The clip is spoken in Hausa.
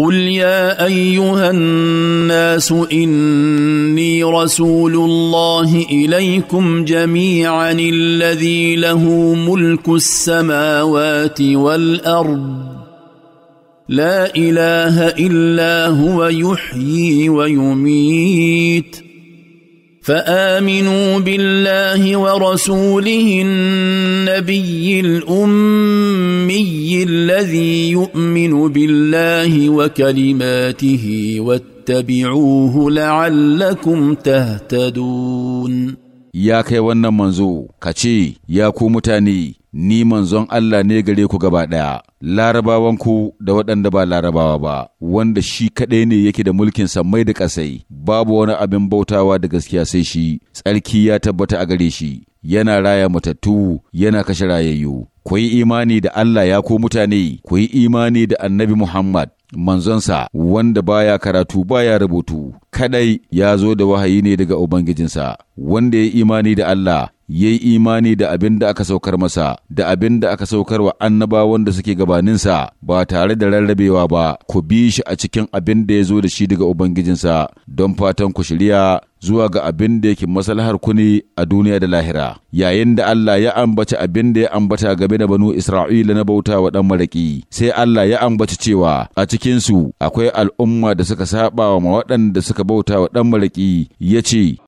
قل يا ايها الناس اني رسول الله اليكم جميعا الذي له ملك السماوات والارض لا اله الا هو يحيي ويميت فامنوا بالله ورسوله النبي الامي الذي يؤمن بالله وكلماته واتبعوه لعلكم تهتدون يا كي wannan manzo kace ya ku mutane ni manzon Allah ne gare ku gaba ɗaya, ku da waɗanda ba larabawa ba, wanda shi kaɗai ne yake da mulkin sammai da ƙasai, babu wani abin bautawa da gaskiya sai shi, tsarki ya tabbata a gare shi, yana raya matattu yana kashe rayayyu ku yi imani da Allah ya ko mutane ku yi imani da annabi Muhammad manzonsa wanda baya karatu baya rubutu kadai ya zo da wahayi ne daga ubangijinsa wanda ya imani da Allah ya yi imani da abin da aka saukar masa da abin da aka saukar wa annabawan da suke gabaninsa ba tare da rarrabewa ba ku bi shi a cikin abin da ya zo da shi daga ubangijinsa don fatan ku shirya zuwa ga abin da yake masalahar ku ne a duniya da lahira yayin da Allah ya ambaci abin da ya ambata game da banu Isra'ila na bauta wa dan maraki sai Allah ya ambaci cewa a cikinsu akwai al'umma da suka saɓa wa waɗanda suka bauta wa dan ya ce